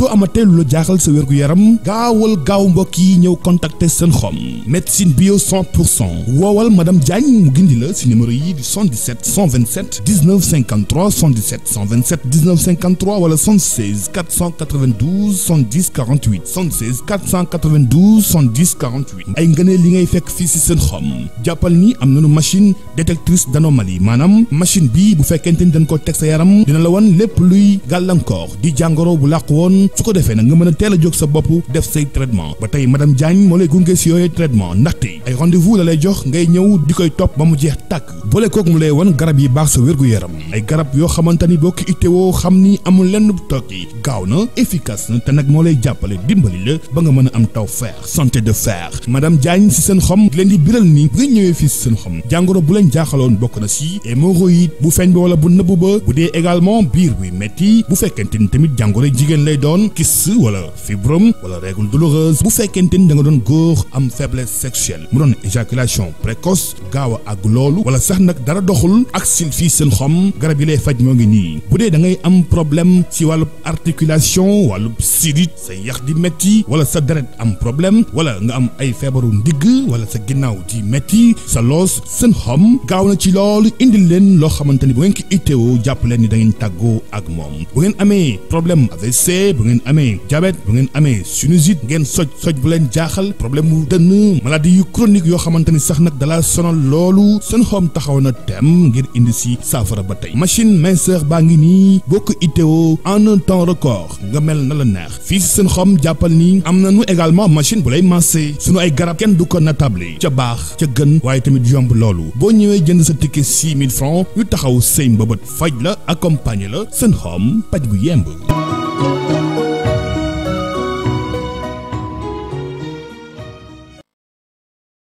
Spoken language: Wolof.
soo amatee lu la jaaxal sa wér-gu-yaram gaawal gaaw mbokk yi ñëw contacter seen xom médecine bio 100 pour cent woowal madame Diagne mu gindi la si numéro yi di 77 127 19 53 77 127 19 53 wala 76 492 70 48 76 492 70 48 ay ngëneel li ngay fekk fii si seen xom jàppal ni am na nañu machine détectrice d'anomalie maanaam machine bi bu fekkente ni dañ ko teg sa yaram dina la wan lépp luy gàllankoor di jàngoro bu làq woon su ko defee nag nga mën a teel a jóg sa bopp def say traitement ba tey madame Diagne moo lay gunge si yooyu traitement ndaxte ay rendez-vous la lay jox ngay ñëw di koy topp ba mu jeex tàkk boole kooku mu lay wan garab yi baax sa wér-gu-yaram ay garab yoo xamante ni boo ko itteewoo xam ni amul lenn toog yi gaaw na efficace na te nag moo lay jàppale dimbali la ba nga mën a am taw fer santé de fer madame Diagne si seen xom leen di biral ni bu ngeen ñëwee fii si seen xom jàngoro bu leen jaaxaloon bokk na si hémorroïde bu feeñ bi wala bu nëbb ba dee également biir buy metti bu fekkente ni tamit jàngoro jigéen lay doon doon kyste wala fibrome wala règle bu fekkente ni danga doon góor am faiblesse sexuelle mu doon éjaculation précoce gaaw a loolu wala sax nag dara doxul ak sil fii seen xom garab yi lay faj moo ngi nii bu dee da am problème ci wàllu articulation wàllu sidit sa yax di métti wala sa deret am problème wala nga am ay feebaru ndigg wala sa ginnaaw di metti sa loos seen xom gaaw na ci loolu indil leen loo xamante ni bu ngeen ko itteewoo jàpp tàggoo ak bu ngeen amee diabète bu ngeen amee sinusite ngeen soj soj bu leen jaaxal problème mu dënn maladie yu chronique yoo xamante ni sax nag dala sonal loolu seen xoom taxaw na tem ngir indi si saafara ba tey machine minceur baa ngi nii boo ko itteewoo en un temps record nga mel na la neex fii si seen xoom jàppal nii am nañu également machine bu lay masser sunu ay garab kenn du ko natable ca baax ca gën waaye tamit yomb loolu boo ñëwee jënd sa ticket 6000 francs yu taxaw sëy mbëbët faj la accompagner la seen xoom paj bu yemb